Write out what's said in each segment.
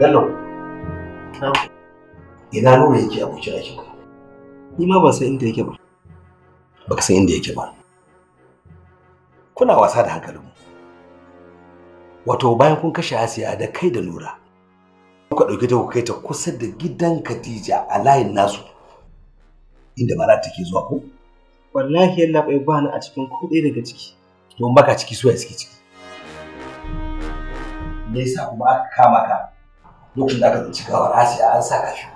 Bello. Ina nuna yake abokin aikin ka? Ni ma ban san inda yake ba. ka san inda yake ba. Kuna wasa da mu. Wato bayan kun kashe Asiya da kai da Nura. Kuka ɗauki ta kai ta kusa da gidan Khadija a layin nasu. Inda Marat take zuwa ko? Wallahi yalla bai bani a cikin ko daga ciki. To baka ciki suwa suke ciki. Me yasa kuma aka kama ka? lokacin da aka tsinci gawar asiya an sa kafi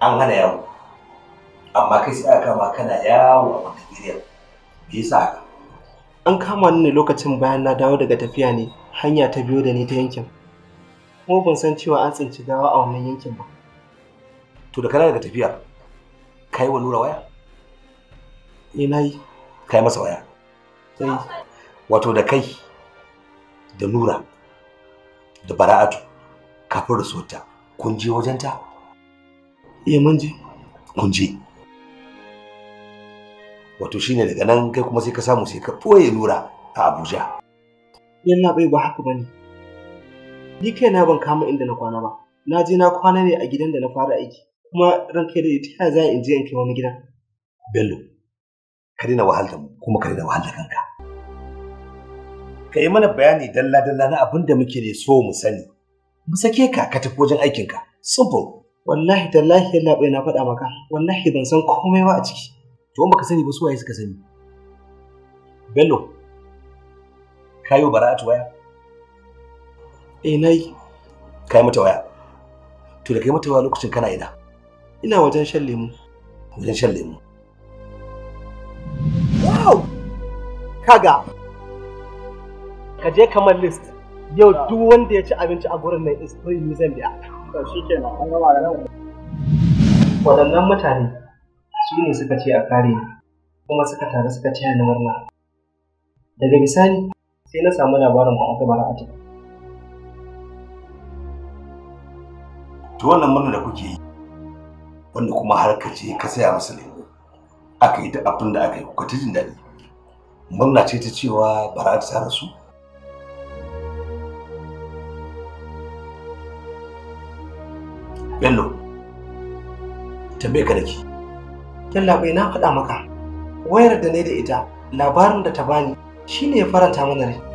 an hana yawo amma kai sai aka kama kana yawo a Montevideo me sa haka an kama ni ne lokacin bayan na dawo daga tafiya ne hanya ta biyo da ni ta yankin kuma ban san cewa an tsinci gawa a wannan yankin ba to da kana daga tafiya kai wa nura waya eh nayi kai masa waya sai wato da kai da nura da bara'atu kafin risota kun je wajenta? iya eh, mun je kun je wato shine daga nan kai kuma sai ka samu sai ka ɓoye lura a abuja yalla bai ba haka bane ni na ban kama inda na kwana ba na je na kwana ne a gidan da na fara aiki kuma ran kai da ita ya za in je in kai wani gidan bello ka daina wahalta mu kuma ka daina wahalta kanka ka yi mana bayani dalla dalla na abin da muke so mu sani mu sake ka ka tafi wajen aikinka simple wallahi tallahi yalla bai na faɗa maka wallahi ban san komai ba a ciki to in baka sani ba su waye suka sani bello kayo bara'atu waya eh nayi kai mata waya to da kai mata waya lokacin kana ina ina wajen shan lemu wajen shan lemu wow kaga ka je kamar list yau duk wanda ya ci abinci a gurin nan is free zan biya to shikenan an gama da nan waɗannan mutane su ne suka ce a kare kuma suka tare suka ce ni murna daga misali sai na samu labarin ba aka bara a to wannan murna da kuke yi wanda kuma har ka ce ka saya musu ne aka yi ta abin da aka yi kuka ta jin daɗi murna ce ta cewa bara ta rasu Bello, tambaye ka nake. Yalla bai na faɗa maka, wayar da ne da ita labarin da ta bani shine ya faranta mana rai.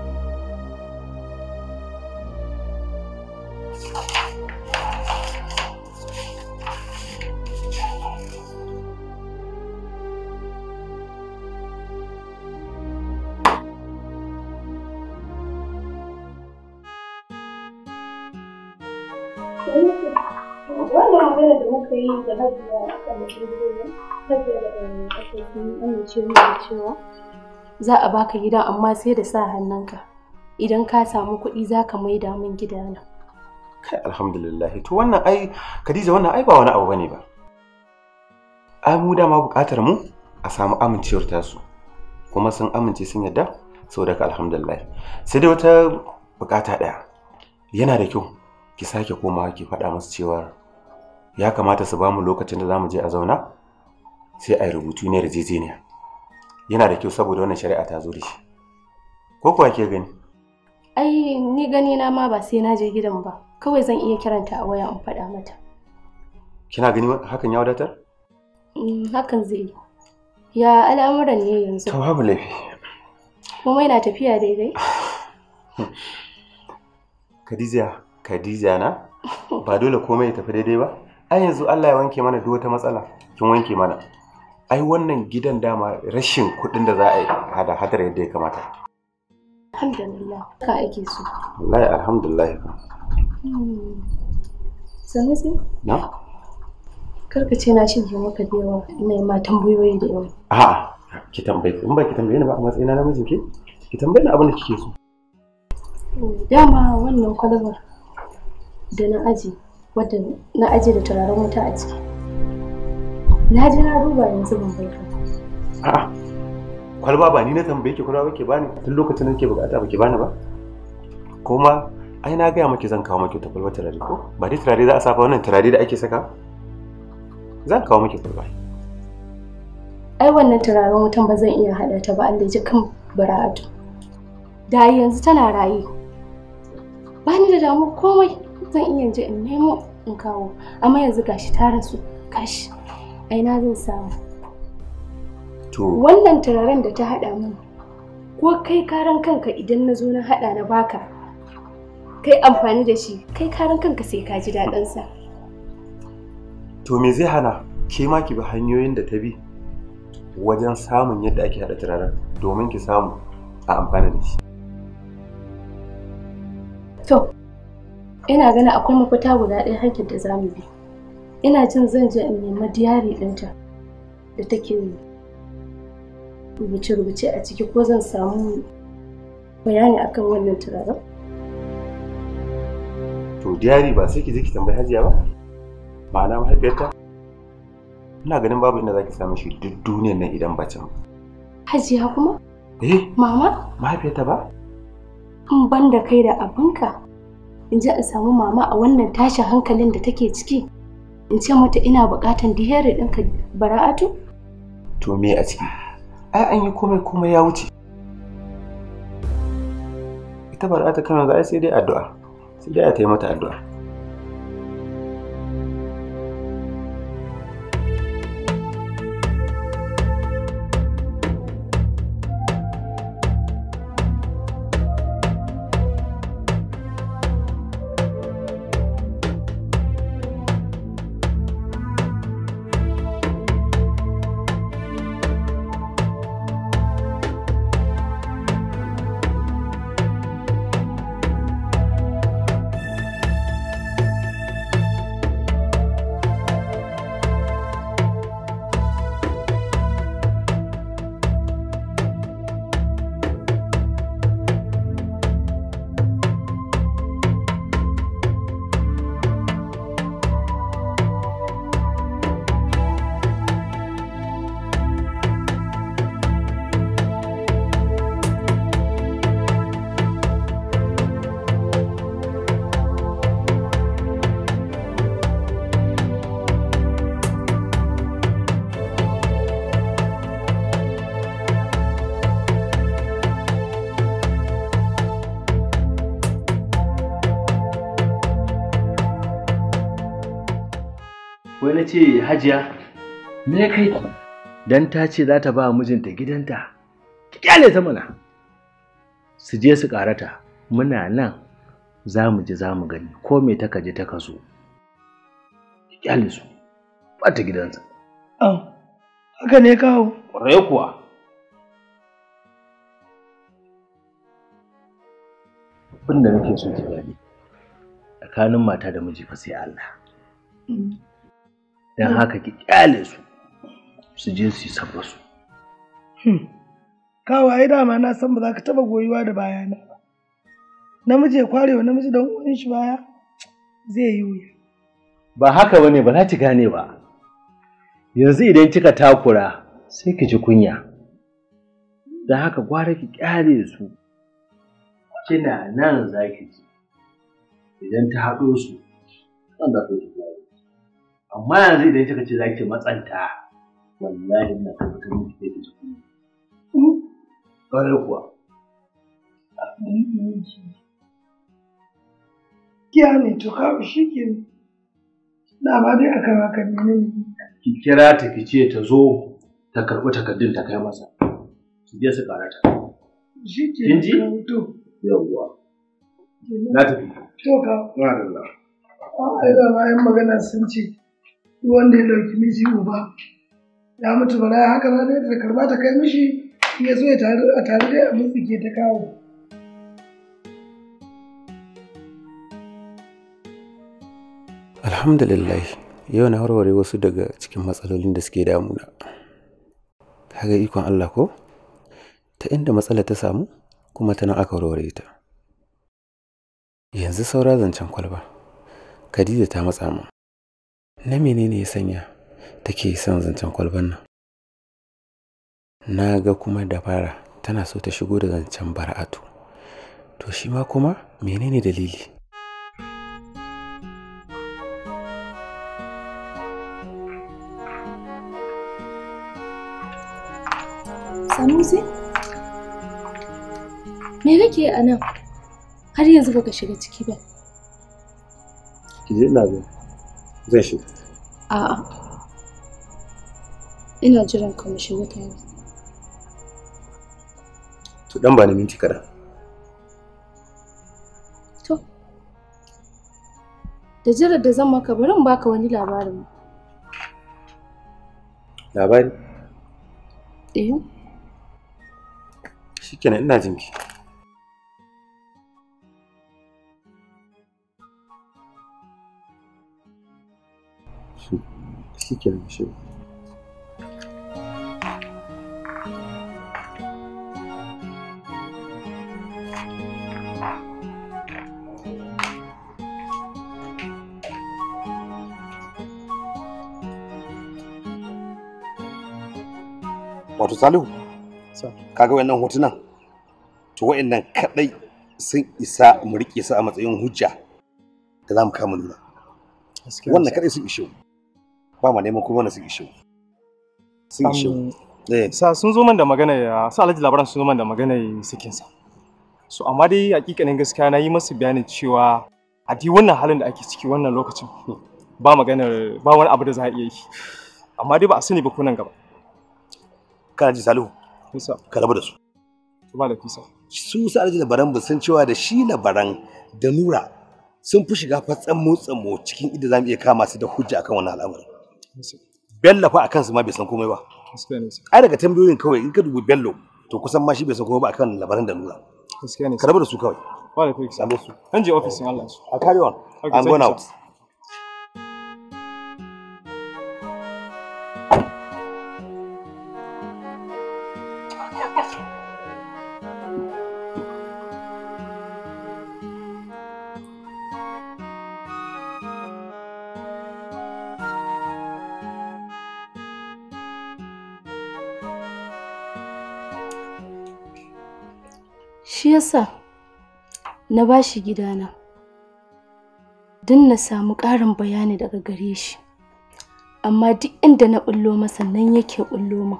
za a baka gida amma sai da sa hannunka idan ka samu kuɗi za ka maida min kai alhamdulillah to wannan ai Khadija wannan ai ba wani abu bane ba ai mu dama buƙatar mu a samu amincewar tasu kuma sun amince sun yadda saboda ka alhamdulillah sai dai wata buƙata ɗaya yana da kyau ki sake komawa ki faɗa masu cewa ya kamata su bamu lokacin da zamu je a zauna sai a yi rubutu ne yarjejeniya yana da kyau saboda wannan shari'a ta zo da shi ko kuwa ke gani ai ni gani na ma ba sai na je gidan ba kawai zan iya kiranta a waya in faɗa mata kina gani hakan ya wadatar mm, hakan zai yi ya al'amuran ne yanzu to babu laifi komai na tafiya daidai Khadija Khadija na ba dole komai ya tafi daidai ba ai yanzu Allah ya wanke mana duk wata matsala kin wanke mana ai wannan gidan dama rashin kuɗin da za a yi hada hadar yadda ya kamata alhamdulillah ka ake so wallahi alhamdulillah hmm. sannan sai na karka ce na shige maka da yawa ina yi ma tambayoyi da yawa a'a ki tambaye in ba ki tambaye ni ba a matsayina na mijinki ki tambaye ni abin da kike so hmm, dama wannan kwalabar da na aji wadda na ajiye da turaren wuta a ciki na ji na duba yanzu ban bai ka a'a kwalba ba ni na tambaye ki kwalba ke bani tun lokacin da ke bukata ba ke bani ba kuma ai na gaya maki zan kawo maki ta kwalba turare ko ba dai turare za a saba wannan turare da ake saka zan kawo maki kwalba ai wannan turaren wutan ba zan iya haɗa ta ba Allah ji kan bara'atu da yanzu tana raye Bani da damu komai zan iya je in nemo in kawo amma yanzu gashi ta rasu kashi ai na zan samu to wannan turaren da ta haɗa mu ko kai karan kanka idan na zo na haɗa na baka kai amfani da shi kai karan kanka sai ka ji daɗin sa to me zai hana ke ma ki bi hanyoyin da ta bi wajen samun yadda ake haɗa turaren domin ki samu a amfana da shi to ina ganin akwai mafita guda ɗaya hanyar da za mu bi ina jin zan je in nemi diyari ɗinta da take rubuce-rubuce a ciki ko zan samu bayani akan wannan turaren to diyari ba sai ki je ki tambayi hajiya ba ma'ana mahaifiyarta ina ganin babu inda zaki samu shi duk duniyar nan idan ba can hajiya kuma eh mama mahaifiyarta ba in ban da kai da abinka in je in samu mama a wannan tashin hankalin da take ciki in ce mata ina buƙatan dihari ɗinka bara'atu? To me a ciki? Ai an yi komai komai ya wuce. Ita bara'atu kana za sai dai addu'a, sai dai a taimata addu'a. na ce hajiya me kai dan ta ce za ta ba mijinta gidanta kyale ta mana su je su karata muna nan za mu ji za mu gani ko me ta kaje ta Ki kyale su ba ta gidansa an haka ne kawo Kwarai kuwa abin da nake so ki gani tsakanin mata da miji fa sai Allah mm. don hmm. haka ki kyale su su je su yi sabbasu. da hmm. dama na san ba za ka taba goyuwa da bayana ba. Namiji ya kware wa namiji don uwan shi baya zai yi wuya. Ba haka bane ba za ki gane ba. Yanzu idan kika takura sai ki ji kunya. Da haka gwara ki kyale su. Kina nan za ki ji. Idan ta haɗo su, kan da ta amma yanzu idan kika ce ki matsanta wallahi ina tabbatar miki sai ki ji kunya kare hmm? kuwa kiya ne to ka shi ke na ba dai akan haka ne ki kira ta ki ce ta zo ta karɓi takardun ta kai masa ki je su karata shi ke kin ji yawwa na tafi to ka ma'adallah ai da bayan magana sun ce wanda ya ɗauki miji uba ya mutu bara ya haka za da karba ta kai mishi ya zo ya tare da abin ke ta kawo alhamdulillah yau na warware wasu daga cikin matsalolin da suke damuna kaga ikon Allah ko ta inda matsala ta samu kuma ta nan aka warware ta yanzu saura zancen kwalba khadija ta matsa min na menene ya sanya take son zancen kwalban nan na ga kuma da fara tana so ta shigo da zancen bara'atu to shi ma kuma menene dalili Sanusi? Me kake a nan? Har yanzu baka shiga ciki ba. Ki je ina zai shiga A ina jiran ka mu shiga tare to dan ba ni minti kaɗan to da jirar da zan maka barin baka wani labarin labari eh shikenan ina jinki shi kenan shi wato salihu kaga wannan hotunan to wa'annan kadai sun isa mu riƙe su a matsayin hujja da za mu kama nuna wannan kadai sun ishe mu ba ma neman kuma wanda suke shi sun shi eh. sa sun zo man da magana ya sa alhaji labaran sun zo man da magana ya sakin sa so amma dai hakikanin gaskiya na yi masa bayanin cewa a di wannan halin da ake ciki wannan lokacin ba magana ba wani abu da za a iya yi amma dai ba a sani ba ko nan gaba kana ji salihu ka rabu da su ba da su sa alhaji labaran ba san cewa da shi labaran da nura sun fi shiga fatsan motsa cikin inda za mu iya kama su da hujja akan wannan al'amarin Bello fa a kansu ma bai san komai ba. Ai daga tambayoyin kawai in ka dubi Bello to kusan ma shi bai san komai ba akan labarin da nuna. Gaskiya Ka rabu da su kawai. da kai. Same su. Kan je Allah su. A carry on. I'm going out. yasa na bashi gidana don na samu ƙarin bayani daga gare shi amma duk inda na ɓullo masa nan yake ɓullo mu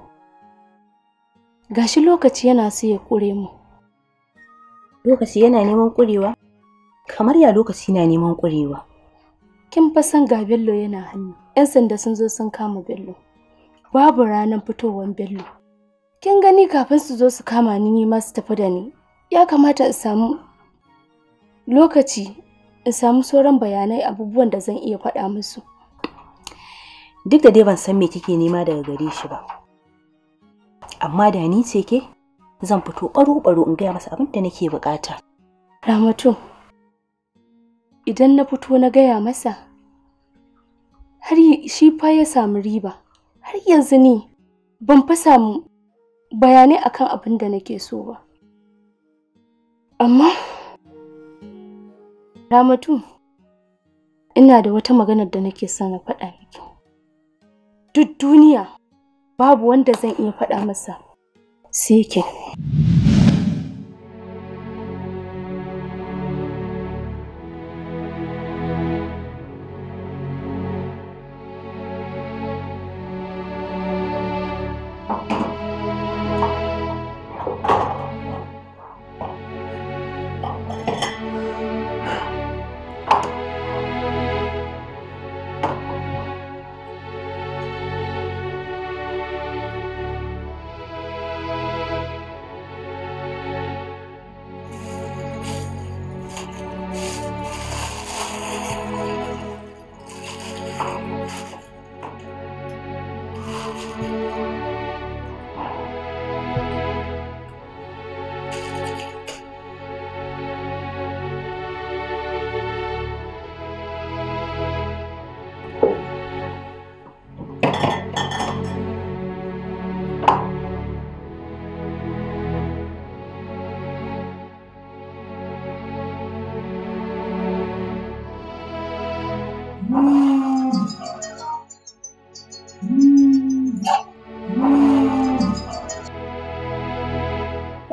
gashi lokaci yana so ya ƙure mu lokaci yana neman ƙurewa kamar ya lokaci na neman ƙurewa kin fa san ga bello yana hannu yan sanda sun zo sun kama bello babu ranar fitowar bello kin gani kafin su zo su kama ni ma su tafi da ni ya kamata in samu lokaci in samu sauran bayanai abubuwan da zan iya faɗa musu duk da dai ban san me kike nema daga gare shi ba amma da ni ce ke zan fito ɓaro-ɓaro in gaya masa abin da nake bukata ramatu idan na fito na gaya masa har shi fa ya samu riba har yanzu ni ban fa samu bayanai akan abin da nake so ba Amma, Ramatu, ina da wata maganar da nake son na faɗa miki. Duk duniya babu wanda zan iya faɗa masa sai ke.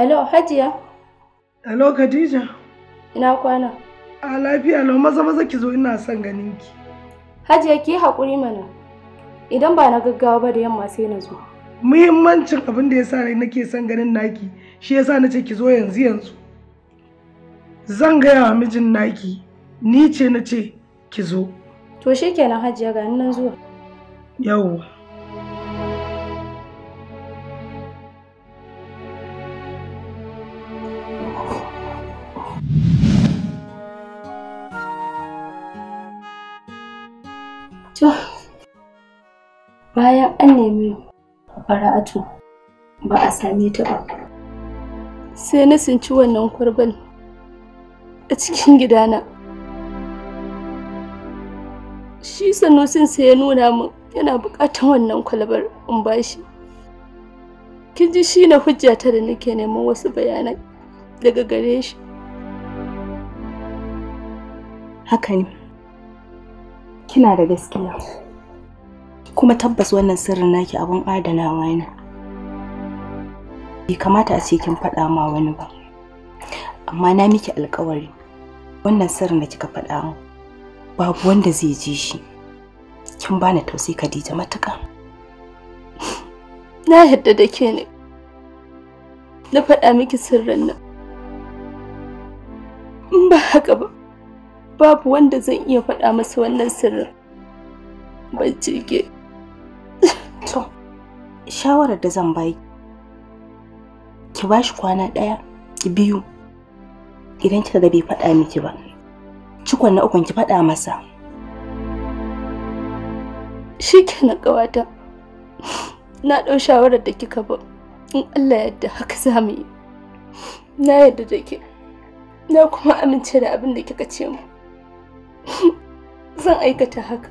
Alo, Hajiya. Alo, Khadija. Ina kwana. A lafiya lau maza maza ki zo ina son ganin ki. Hajiya ki haƙuri mana. Idan ba na gaggawa ba da yamma sai na zo. Muhimmancin abin da yasa nake son ganin naki, shi yasa na ce ki zo yanzu yanzu. Zan gaya wa mijin naki, ni ce na ce ki zo. To shikenan Hajiya ga nan zuwa. Yawwa. To, bayan an nemi bara'atu ba a same ta ba. Sai na sinci wannan kurban a cikin gidana. Shi sanusin sai ya nuna min yana buƙatar wannan kwalbar in bashi. Kin ji shi na hujjata da nake neman wasu bayanai daga gare shi. Haka ne. kina da gaskiya kuma tabbas wannan sirrin naki abun adanawa ne bai kamata a ce kin faɗa ma wani ba amma na miki alkawari wannan sirrin da kika faɗa mu babu wanda zai ji shi kin bani tausayi Khadija matuka na yadda da ke ne na faɗa miki sirrin nan ba haka ba babu wanda zan iya faɗa masa wannan sirrin ban ke. to shawarar da zan bai ki ba shi kwana ɗaya ki biyu idan kika ga bai faɗa miki ba cikon na ukun ki faɗa masa shi ke na ƙawata na ɗau shawarar da kika ba in allah yadda haka za mu yi na yadda da ke na kuma amince da abin da kika ce mu zan aikata haka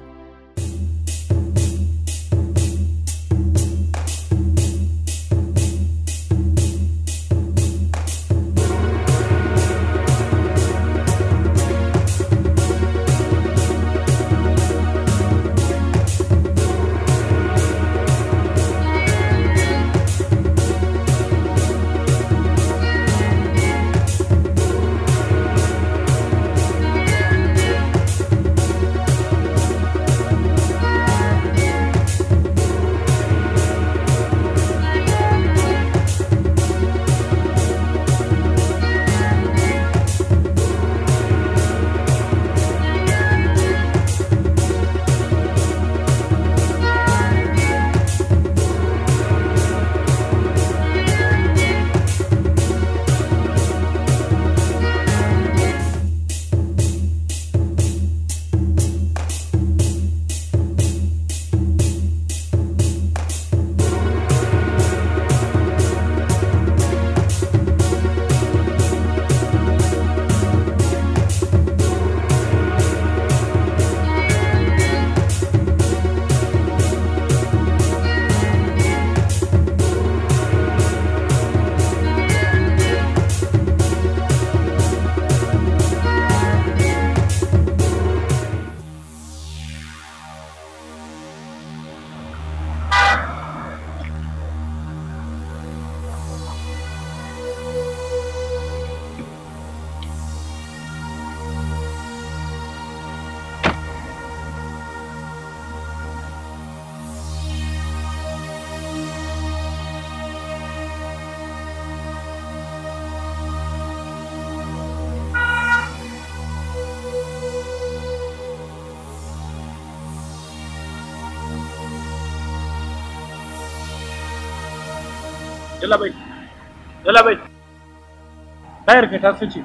wayar ka ta suce.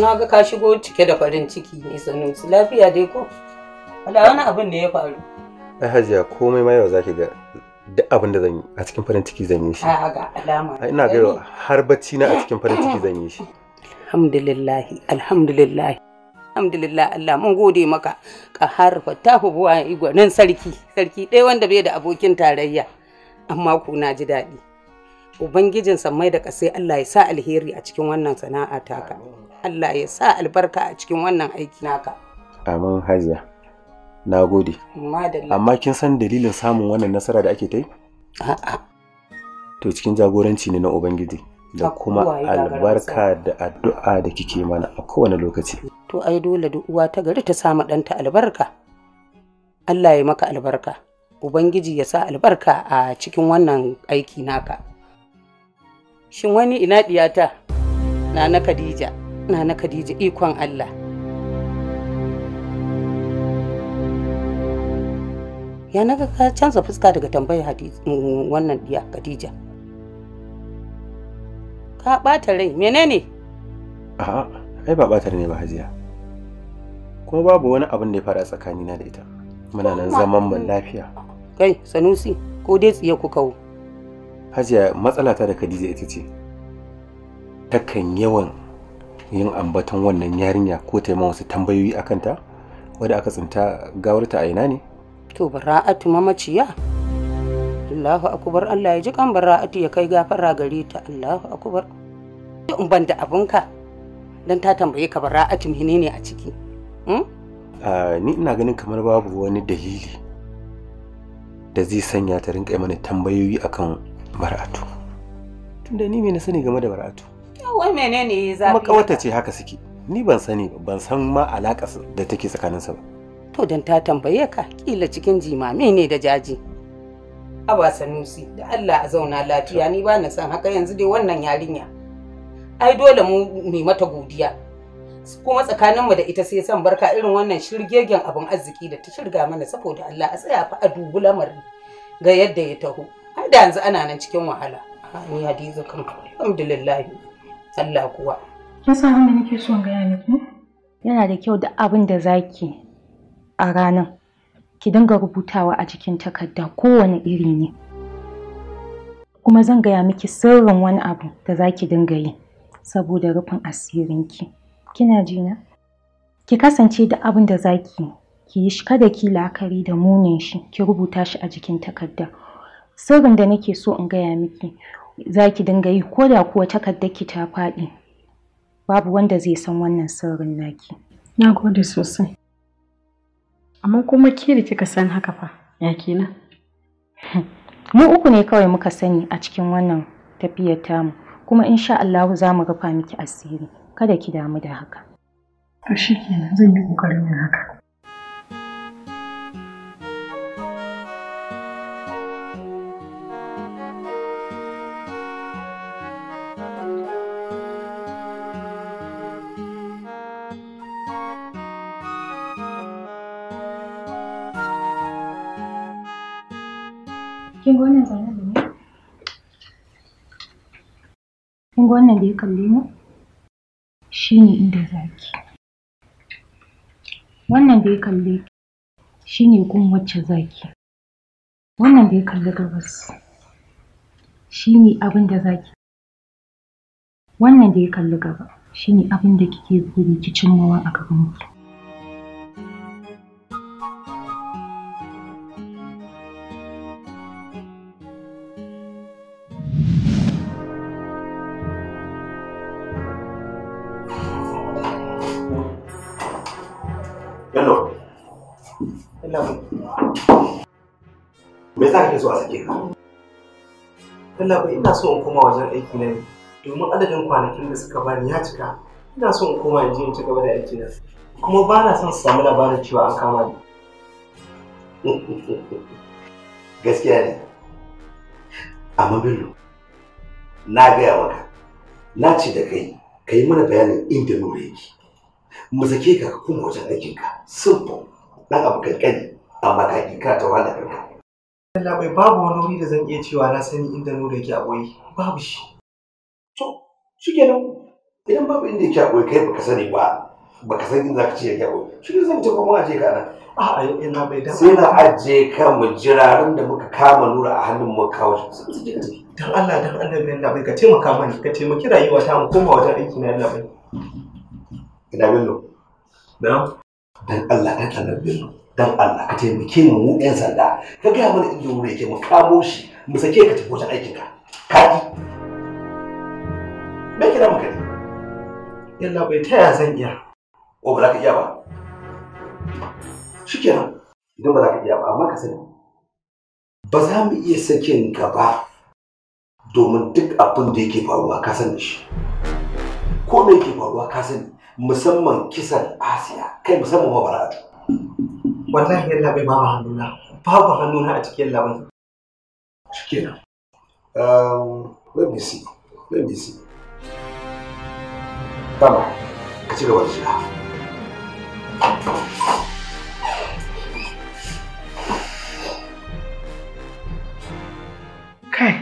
na ga ka shigo cike da farin ciki ne sanusi lafiya dai ko Wala wani abin da ya faru ai hajiya komai ma yau zaki ga duk abin da zan yi a cikin farin ciki zan yi shi a ga alama ina ga yau har bacci na a cikin farin ciki zan yi shi alhamdulillah alhamdulillah alhamdulillah Allah mun gode maka ka harfa ta hubuwa igwa nan sarki sarki ɗaya wanda bai da abokin tarayya amma ku na ji daɗi ubangijin sammai da kasai Allah ya sa alheri a cikin wannan sana'a taka Allah ya sa albarka a cikin wannan aiki naka amin hajiya na gode amma kin san dalilin samun wannan nasara da ake ta yi to cikin jagoranci ne na ubangiji da kuma albarka da addu'a da kike mana a kowane lokaci to ai dole duk uwa ta gari ta samu ɗanta albarka Allah ya maka albarka ubangiji ya sa albarka a cikin wannan aiki naka shin wani ina diyata na na Khadija na na Khadija ikon Allah ya naga ka canza fuska daga tambayar mm, wannan diya Khadija ka ɓata rai menene a'a ai ba ɓata ne ba hajiya kuma babu wani abin da ya fara tsakanina da ita muna nan zaman mun lafiya kai sanusi ko dai tsiye ku kawo hajiya matsalata da Khadija ita ce takan yawan yin ambaton wannan yarinya ko ta yi wasu tambayoyi akan ta wadda aka tsinta gawarta a ina ne To bara'atu mamaciya? Allahu akubar Allah ya ji kan bara'atu ya kai gafara gare ta Allahu akubar. In ban da abinka don ta tambaye ka bara'atu menene a ciki? Hmm? Ni ina ganin kamar babu wani dalili da zai sanya ta rinka mana tambayoyi akan bara'atu. Tunda ni me na sani game da bara'atu? Wai menene zafi? Kuma kawata ce haka suke. Ni ban sani ban san ma alaƙa da take tsakaninsa ba. to dan ta tambaye ka kila cikin jimame ne da jaji aba sanusi da allah a zauna lafiya ni ba na san haka yanzu dai wannan yarinya ai dole mu mai mata godiya kuma tsakaninmu da ita sai san barka irin wannan shirgegen abin arziki da ta shirga mana saboda allah a tsaya fa a dubu lamarin ga yadda ya taho har da yanzu ana nan cikin wahala ni hadiza kan alhamdulillah allah kuwa kin san abin nake son gaya miki yana da kyau da abin da zaki a ranan ki dinga rubutawa a jikin takarda kowane iri ne kuma zan gaya miki sirrin wani abu da za ki dinga yi saboda rufin asirin ki. kina jina ki kasance da abin da za ki ki yi shi kada ki la'akari da munin shi ki rubuta shi a jikin takarda sirrin da nake so in gaya miki za ki dinga yi ko da kuwa takardar ki ta faɗi babu wanda zai san wannan sirrin naki na gode sosai Amma kuma ke da kika san haka fa, ya kenan? Mu uku ne kawai muka sani a cikin wannan tafiyar mu, kuma insha Allah za mu gafa miki asiri, kada ki damu da haka. To shi zan yi ƙoƙarin haka. wannan da ya kalle mu shi ne inda za ki wannan da ya kalle ki shi ne gun wacce za ki wannan da ya kalli gabas shi ne abin da za ki wannan da ya kalli gaba shi ne abin da kike buri ki cimmawa a gabanki Me za ka so a sake ka? Allah ina so in koma wajen aiki na domin adadin kwanakin da suka bani ya cika. Ina so in koma in je in ci gaba da aiki na. Kuma ba na son su samu labarin cewa an kama ni. Gaskiya ne. Amma Bello, na gaya maka, na ce da kai, ka yi mana bayanin inda nuna yake. Mu sake ka kuma wajen aikinka, simple. dan abu kankani amma ka ki kana taura da kanka Allah bai babu wani wuri da zan iya cewa na sani inda nura yake a babu shi to shikenan idan babu inda yake a kai baka sani ba baka san inda zaka ce yake a shi ne zan tafi mu aje ka nan a'a ina bai da sai na aje ka mu jirarin da muka kama nura a hannun mu kawo shi dan Allah dan annabi Allah bai ka taimaka mani ka taimaki rayuwa ta mu koma wajen aiki na Allah bai ina bello Da. dan Allah ka tallabe mu dan Allah ka taimake mu mu ɗan sanda ka gaya mana inda mu yake mu kawo shi mu sake ka tafi wajen aikin ka kaji me kira maka ne yalla bai taya zan iya o ba za ka iya ba shikenan idan ba za ka iya ba amma ka sani ba za mu iya sakin ka ba domin duk abin da yake faruwa ka sani shi ko me yake faruwa ka sani musamman kisan asiya kai musamman ma baratu wallahi yalla bai ma hannuna babu hannuna a cikin labin shikenan um let me see let me see tama ka ci gaba da shiga kai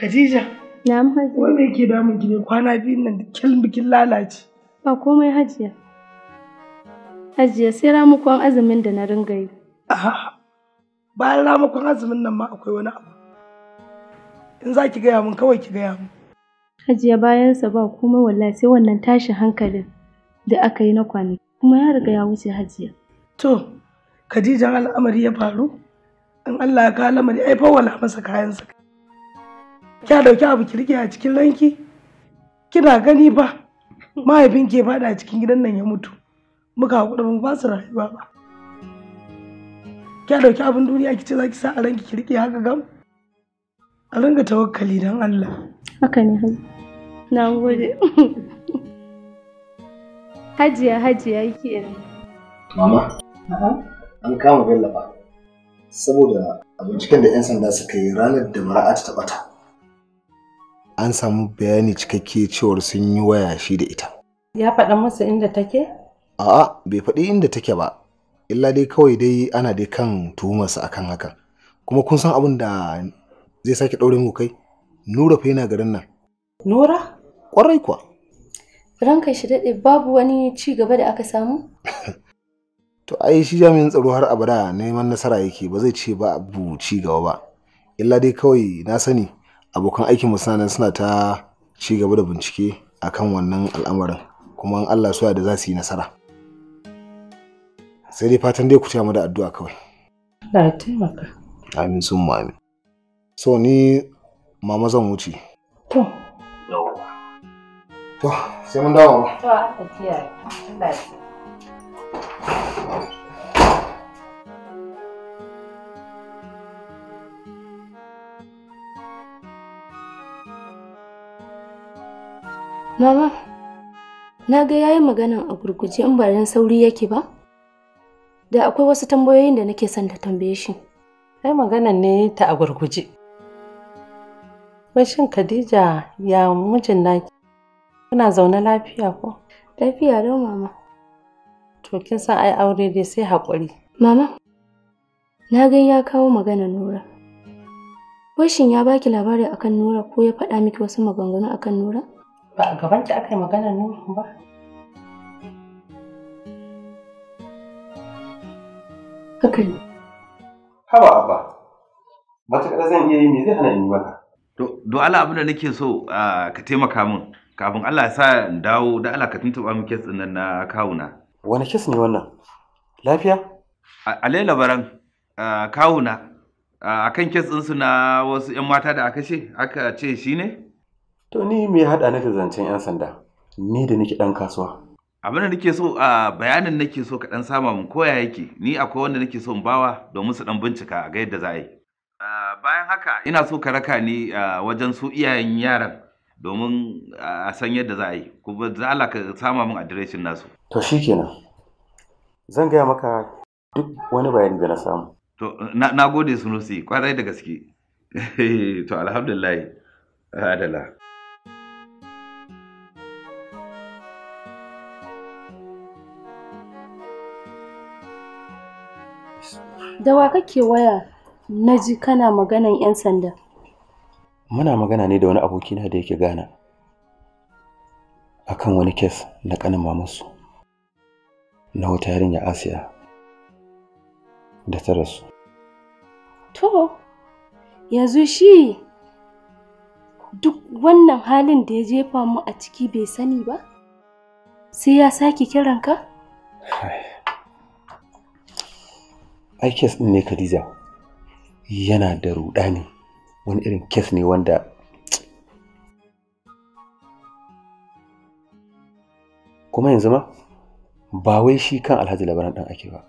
Khadija. Na Wai me ke damun ki ne kwana biyun nan da bikin lalace. Ba komai hajiya. Hajiya sai ramukon azumin da na ringa yi. bayan ramukon azumin nan ma akwai wani abu. In za ki gaya min kawai ki gaya min. Hajiya bayan sa ba komai wallahi sai wannan tashin hankalin da aka yi na kwani. Kuma ya riga ya wuce hajiya. To, Khadija al'amari ya faru? In Allah ya kawo lamari ai fawwala masa sa. Kya dauki abu ki rike a cikin ranki? Kina gani ba? mahaifin ke fada cikin gidan nan ya mutu muka haƙura da ba su rayuwa ba kya dauki abin duniya ki ce za ki sa a ranki kirki haka gam a ringa tawakkali don Allah haka ne na gode hajiya hajiya yake mama an kama bella ba saboda binciken da 'yan sanda suka yi ranar da mara'ata ta bata an samu bayani cikakke cewar sun yi waya shi da ita ya faɗa musu inda take a'a bai faɗi inda take ba illa dai kawai dai ana dai kan tuhumarsa akan haka, kuma kun san abin da zai sake ɗaure mu kai nura fa yana garin nan nura kwarai kuwa ranka shi daɗe babu wani ci gaba da aka samu to ai shi jami'in tsaro har abada neman nasara yake ba zai ce ba abu ci gaba ba illa dai kawai na sani abokan aikin suna nan suna ta ci gaba da bincike akan wannan al'amarin kuma an Allah so da za su yi nasara sai dai fatan dai ku ta mu da addu'a kawai na taimaka amin sun mu so ni mama zan wuce to to sai mun dawo to a tafiya Allah ya Mama, na ga yayi maganan a gurguje in ba dan sauri yake ba. Da akwai wasu tambayoyin da nake son ta tambaye shi. Ai maganan ne ta a gurguje. Mashin Khadija ya mijin naki. Kuna zaune lafiya ko? Lafiya don mama. To kin san ai aure dai sai haƙuri. Mama, na ga ya kawo magana Nura. Bashin ya baki labari akan Nura ko ya faɗa miki wasu maganganu akan Nura? ba a gaban ta aka yi maganar Nuhu ba. Haka ne. Haba haba, matuƙar zan iya yi me zai hana yi maka. Do Allah abin da nake so ka taimaka min kafin Allah ya sa in dawo da Allah ka tuntuɓa min kes ɗin na kawuna. Wani kes ne wannan? Lafiya? A Alai baran kawuna akan kes ɗinsu na wasu 'yan mata da aka ce aka ce shi ne? To ni me haɗa ni da zancen 'yan sanda? Ni da nake ɗan kasuwa. Abin da nake so a bayanin nake so ka ɗan sama min koya yake ni akwai wanda nake so in bawa domin su ɗan bincika a ga yadda za a yi. Bayan haka ina so ka raka ni wajen su iyayen yaran domin a san yadda za a yi kuma za Allah ka sama min adireshin nasu. To shikenan zan gaya maka duk wani bayani da na samu. To na gode sunusi kwarai da gaske. to alhamdulillah adala. Da wa kake waya na ji kana maganan 'yan sanda? Muna magana ne da wani abokina da yake gana a kan wani kes na ƙanin mamansu na wata yarinya Asiya da ta rasu. To, yanzu shi duk wannan halin da ya jefa mu a ciki bai sani ba? Sai ya sake kiranka? ai kes din ne Khadija yana da rudani, wani irin kes ne wanda kuma yanzu ma ba wai shi kan alhaji labaran ɗan ake ba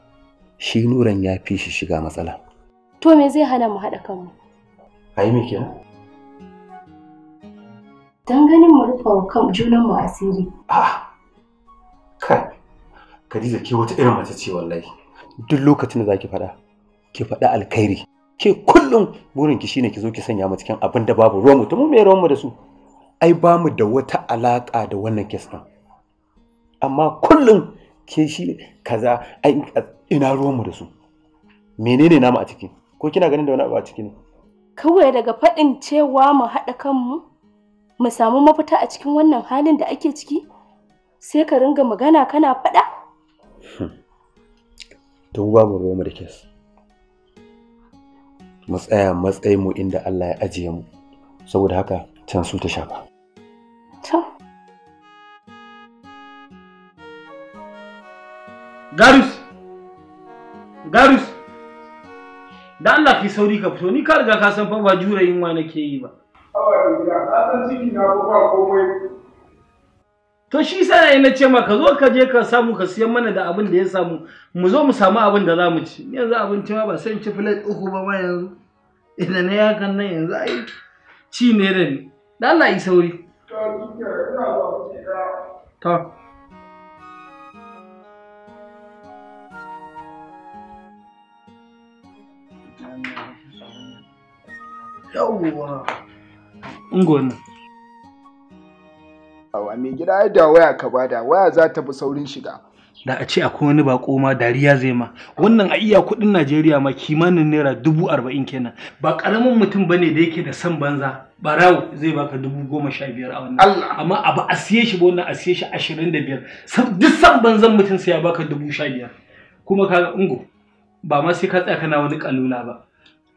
shi nuran ya fi shi shiga matsala to me zai hana mu haɗa kanmu a yi kenan don ganin mu rufa wa kan junan mu asiri ah kai Khadija ke wata irin mace ce wallahi duk lokacin da zaki faɗa ki faɗa alkhairi ke kullum burin ki shine ki zo ki sanya mu cikin abin da babu ruwan mutum me ruwan mu da su ai ba mu da wata alaka da wannan kes din amma kullum ke shi kaza ai ina ruwan mu da su menene namu a ciki ko kina ganin da wani abu a ciki ne kawai daga faɗin cewa mu haɗa kanmu mu samu mafita a cikin wannan halin da ake ciki sai ka ringa magana kana faɗa hmm. to babu ruwanmu da kes mu tsaya matsayin mu inda Allah ya ajiye mu saboda haka can su ta shafa Garus Garus da Allah ki sauri ka fito ni ka riga ka san fa ba jure yunwa nake yi ba. ka san ciki na ko komai to shi sa na ce ma ka zo ka je ka samu ka siyan mana da abin da ya samu mu zo mu samu abin da za mu ci yanzu abinci ma ba sai ci filet uku ba ma yanzu idan na kan nan yanzu ai ci ne da ni da Allah yi sauri ta Yauwa, a mai gida da waya ka bada waya za ta fi saurin shiga da a ce akwai wani bako ma dariya zai ma wannan a iya kudin najeriya ma kimanin naira dubu arba'in kenan ba karamin mutum bane da yake da san banza barawo zai baka dubu goma sha biyar a wannan amma a ba a siye shi ba wannan a siye shi ashirin da biyar duk san banzan mutum sai ya baka dubu sha biyar kuma ka ungo ba ma sai ka tsaya kana wani kalula ba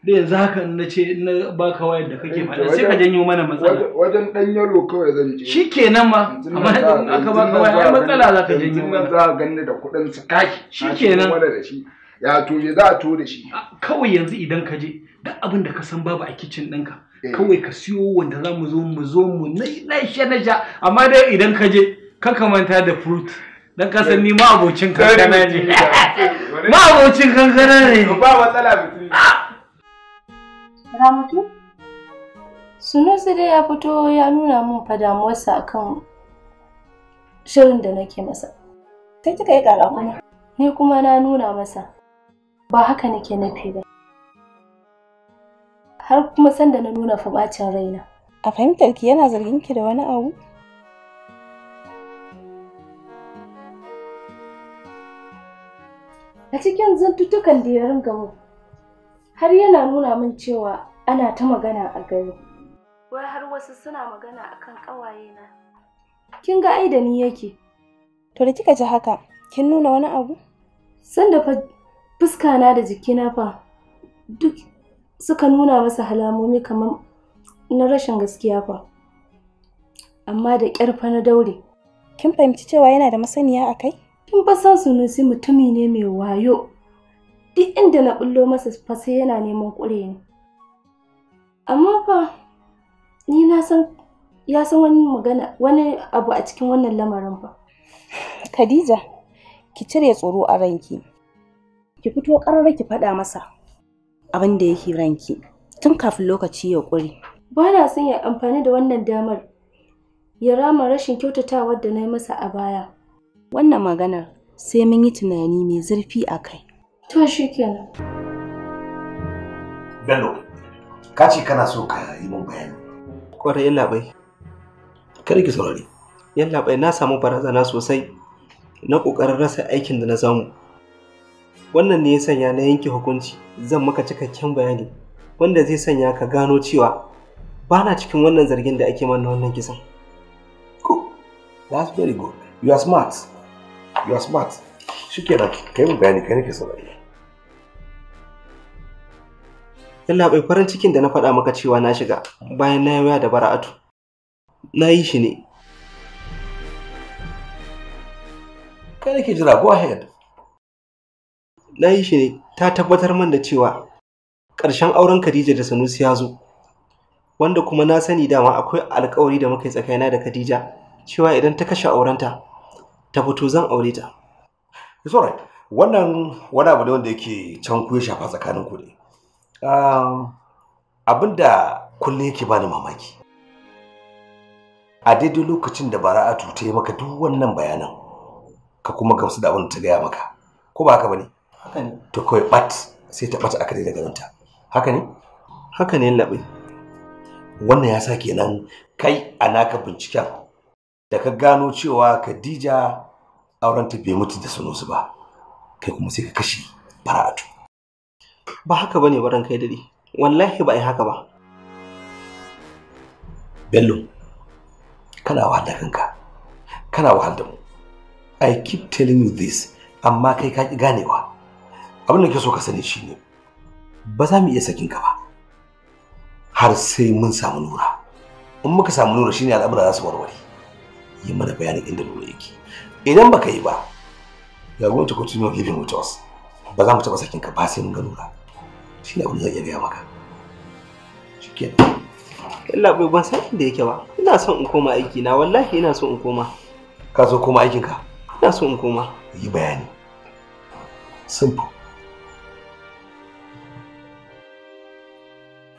da yanzu haka na ce na baka wayar da kake eh, faɗa sai ka janyo mana matsala wajen dan yalo kawai zan je shi kenan ma amma in aka baka waya ai matsala za ka janyo mana za ka ganni da kuɗin su kaki shi kenan ya to je za a to da shi kawai yanzu idan ka je duk abin da ka san babu a kicin ɗinka eh. kawai ka siyo wanda za mu zo mu zo mu na sha na sha amma dai idan ka je ka kamanta da fruit dan ka san ni ma abocin kankana ne ma abocin kankana ne ba matsala mutum ah! Sunan Sunusi dai ya fito ya nuna min fa damuwarsa akan shirin da nake masa. Sai kika yi ƙara kuma. Ni kuma na nuna masa. Ba haka nake nufi ba. Har kuma sanda na nuna fa raina. A fahimtar ki yana zargin ki da wani abu? A cikin zantuttukan da ya ringa har yana nuna min cewa ana ta magana a gari wai har wasu suna magana akan kan na kin ga ai da ni yake to da kika ji haka kin nuna wani abu san da fuska na da jikina fa duk suka nuna masa halamomi kamar na rashin gaskiya fa amma da ƙyar na daure kin fahimci cewa yana da masaniya a kai kin fa san sunusi mutumi ne mai wayo duk inda na bullo masa fa yana neman kure ni amma fa ni na san ya san wani magana wani abu a cikin wannan lamarin fa Khadija ki cire tsoro a ranki ki fito ƙarara ki faɗa masa abin da yake ranki tun kafin lokaci ya ƙure ba na son ya amfani da wannan damar ya rama rashin kyautatawar da na yi masa a baya wannan maganar sai mun yi tunani mai zurfi a kai To shi kenan. Bello, ka ce kana so ka yi min bayani. Kwarai labai. Kar ki saurari. Yalla bai na samu barazana sosai na ƙoƙarin rasa aikin da na samu. Wannan ne ya sanya na yanke hukunci zan maka cikakken bayani wanda zai sanya ka gano cewa ba cikin wannan zargin da ake mana wannan kisan. Good. That's very good. You are smart. You are smart. Shikenan, kai mu bayani kai nake saurari. Yalla bai farin cikin da na faɗa maka cewa na shiga bayan na yawa da bara'atu. Na yi shi ne. Kai nake jira go ahead. Na yi shi ne ta tabbatar man da cewa ƙarshen auren Khadija da Sanusi ya zo. Wanda kuma na sani dama akwai alkawari da muka yi tsakanina da Khadija cewa idan ta kashe aurenta ta fito zan aure ta. It's Wannan wani abu ne wanda yake can ku ya shafa tsakanin ku ne. Um, abinda da kullum yake bani mamaki a daidai lokacin da bara'atu ta yi maka duk wannan bayanan ka kuma gamsu da abin ta gaya maka ko ba haka bane ne to kawai bat sai ta bata aka daina da ta haka ne haka ne labai wannan ya sa kenan kai a naka binciken da ka gano cewa Khadija auren ta bai mutu da sunusu ba kai kuma sai ka kashe bara'atu ba haka bane ba kai dade wallahi ba ai haka ba bello kana wahal da kanka kana wahal da mu i keep telling you this amma kai ka ki ganewa abin da ke so ka sani shine ba za mu iya sakin ka ba har sai mun samu nura in muka samu nura shine al'amura za su warware yi mana bayanin inda nura yake idan baka yi ba going to continue living with us ba za mu taɓa sakin ka ba sai mun ga lura shi ne abin zan iya gaya maka shikenan Allah bai ban san inda yake ba ina son in koma aiki na wallahi ina son in koma ka so koma aikin ka ina son in koma yi bayani simple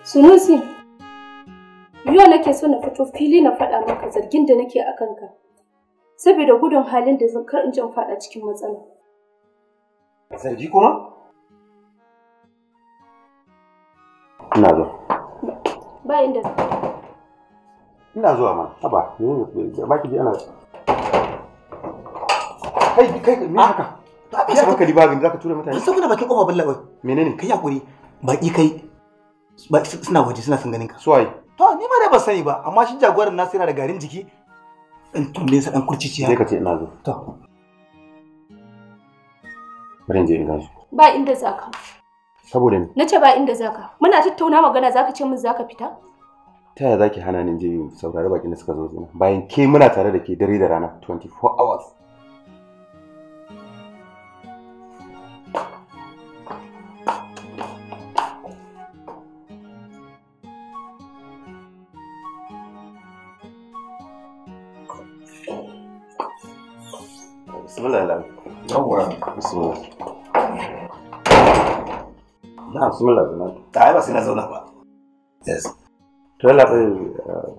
Sunusi, yau nake so na fito fili na faɗa maka zargin da nake akan ka, saboda gudun halin da zan kar in faɗa cikin matsala. Zargi kuma? Ina zo. Ba inda Ina zuwa ma. Haba, ba ki ji ana. Kai kai me ah, haka? Ya ba hankali ba zaka tura mutane. Sai kuna bakin kofa balla wai. Menene? Kai hakuri. Baki kai suna waje suna son ganin ka. Suwaye. To ni ma da ba sani ba amma shi jagoran nasu yana da garin jiki. In tunne sa dan kurciciya. Sai ka ce ina zo. To. Bari je in gasu. Ba inda za ka. Saboda na Nace ba inda za ka. Muna tattauna magana za ka ce min za ka fita? Ta yaya za ki hana ni je saurari bakin da suka zo zina bayan ke muna tare da ke dare da rana 24 hours. Bismillah. yawwa so na bismillah zauna ta ai ba sai na zauna ba yes to yalla bai eh,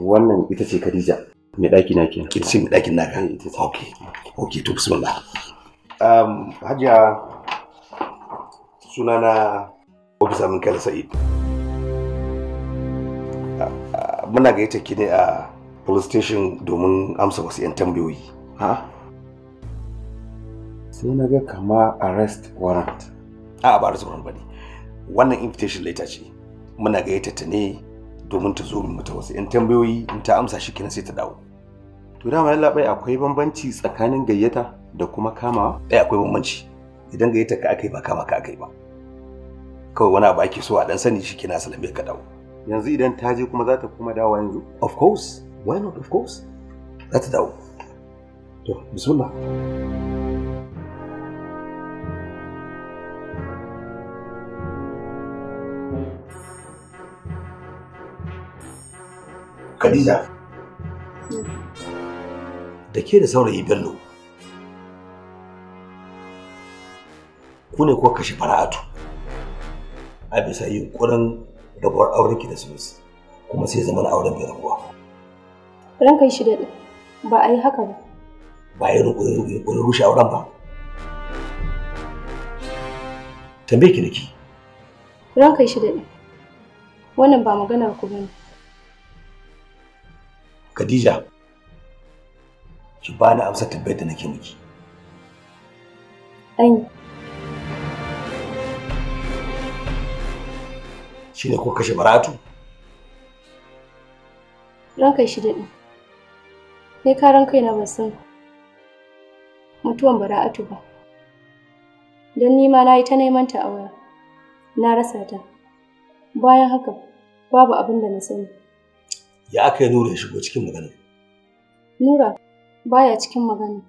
wannan ita ce Khadija mai daki na kenan ita ce mai dakin naka eh, okay okay to bismillah um hajiya sunana Obisa Minkala Sa'id. Ah, ah, muna gaita ki ne a police station domin amsa wasu 'yan tambayoyi. Ha? sai na ga kama arrest warrant a ba arrest warrant bane wannan invitation letter ce muna ga ta ne domin ta zo mu ta wasu yan tambayoyi in ta amsa shi kenan sai ta dawo to dama yalla bai akwai bambanci tsakanin gayyata da kuma kama eh akwai bambanci idan gayyata ka akai ba kama ka akai ba kawai wani abu ake so a dan sani shi kenan salame ka dawo yanzu idan ta je kuma za ta kuma dawo yanzu of course why not of course za ta dawo to bismillah Khadija. Da ke da saurayi Bello. Ku ne kuwa kashe fara'atu. A bisa yunkurin auren ki da su Kuma sai zama auren bai rabuwa. Ranka kai shi daɗi. Ba a yi haka ba. Ba ya yunkurin rushe auren ba. Tambaye ki da ki. Ranka yi shi daɗi. Wannan ba magana ku bane. Khadija, ki bani amsa tabbayar da nake miki. Ai. Shi ne ko kashe baratu? Ranka shi daɗi. Kai karan kaina ban san mutuwan bara'atu ba. Don ni ma na yi ta neman ta a waya. Na rasa ta. Bayan haka, babu abin da na sani. ya aka yi nura ya shigo cikin magana nura baya cikin magana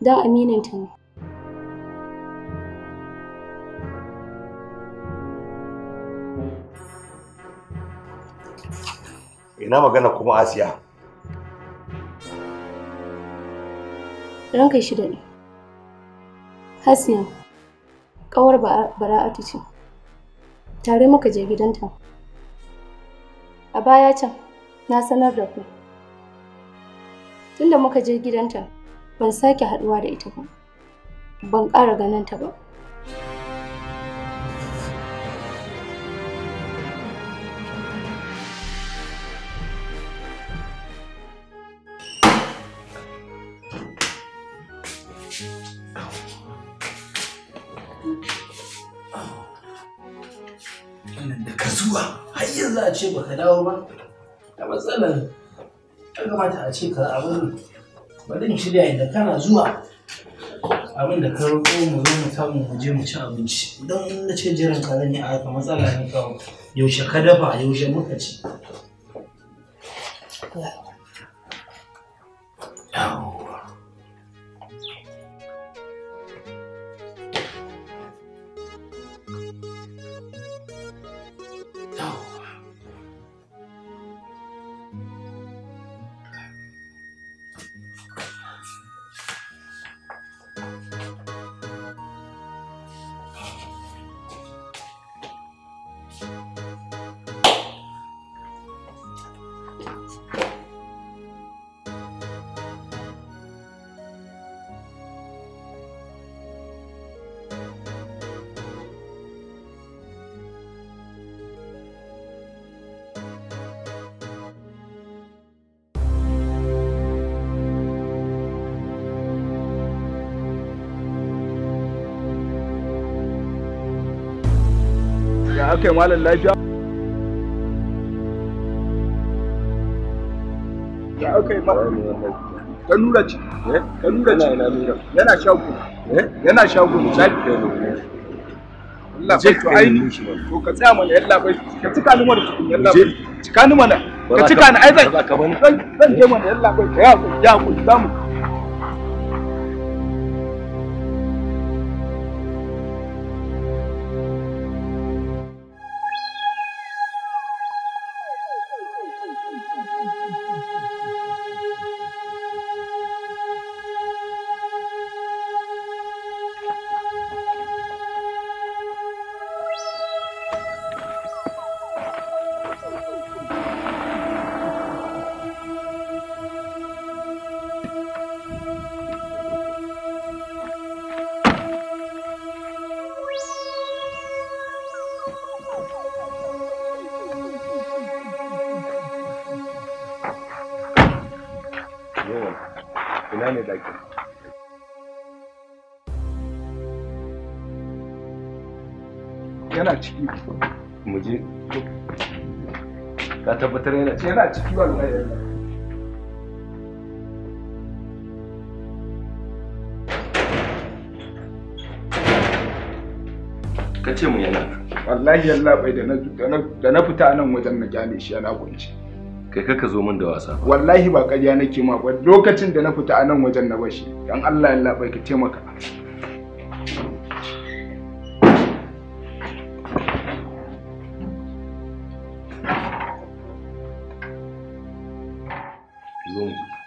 don amininta ne ina magana kuma asiya ranka shi da hasiya ƙawar bara'atu ce tare muka je gidanta A baya can, na sanar da ku. Tunda muka je gidanta, ban sake haduwa da ita ba. Ban ƙara ganin ta ba. ce ba ka dawo ba a matsalar ya kamata a ce ka abin bari shirya inda kana zuwa abin da ka roƙo mu zo mu samu mu je mu ci abinci don in na ce jiran ka zan yi a haka matsala ne kawo yaushe ka dafa yaushe muka ci aka yi malam lafiya Ya aka yi ta nura ce ta nura ce yana shago eh? yana shago misali Allah bai to aini to ka tsaya mana yalla bai ka cika ni mana tukun yalla bai cika ni mana ka cika ni ai zan zan je mana yalla bai ka ya ku ya ku zamu yawan ina ne dakin yana ciki mu je ka tabbatar yana ciki yana ciki wallahi yana ka ce mu yana wallahi bai da na fita nan wajen na gane shi yana kunci kai kaka zo min da wasa wallahi ba ƙarya nake ma ba lokacin da na fita a nan wajen na bashi dan Allah ya labai ka taimaka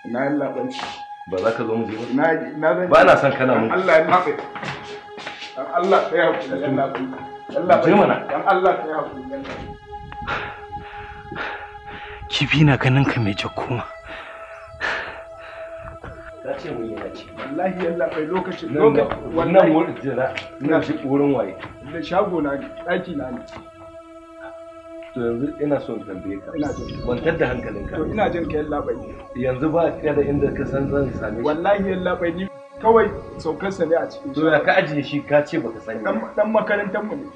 na Allah ba za ka zo mu ba na na ba na san kana mun Allah ya labai dan Allah ya hakuri dan Allah dan Allah ya hakuri dan Allah kifi na ganin ka mai jakuma na ce mu yi naci wallahi yalla bai lokacin wannan wurin jira ina shi wurin waye da shago na ne daki na ne to yanzu ina son tambaye ka ina jin kwantar da hankalinka to ina jin ka yalla bai yanzu ba ka da inda ka san zan same shi wallahi yalla bai ni kawai saukarsa ne a cikin to ya ka ajiye shi ka ce baka sani dan makarantar mu ne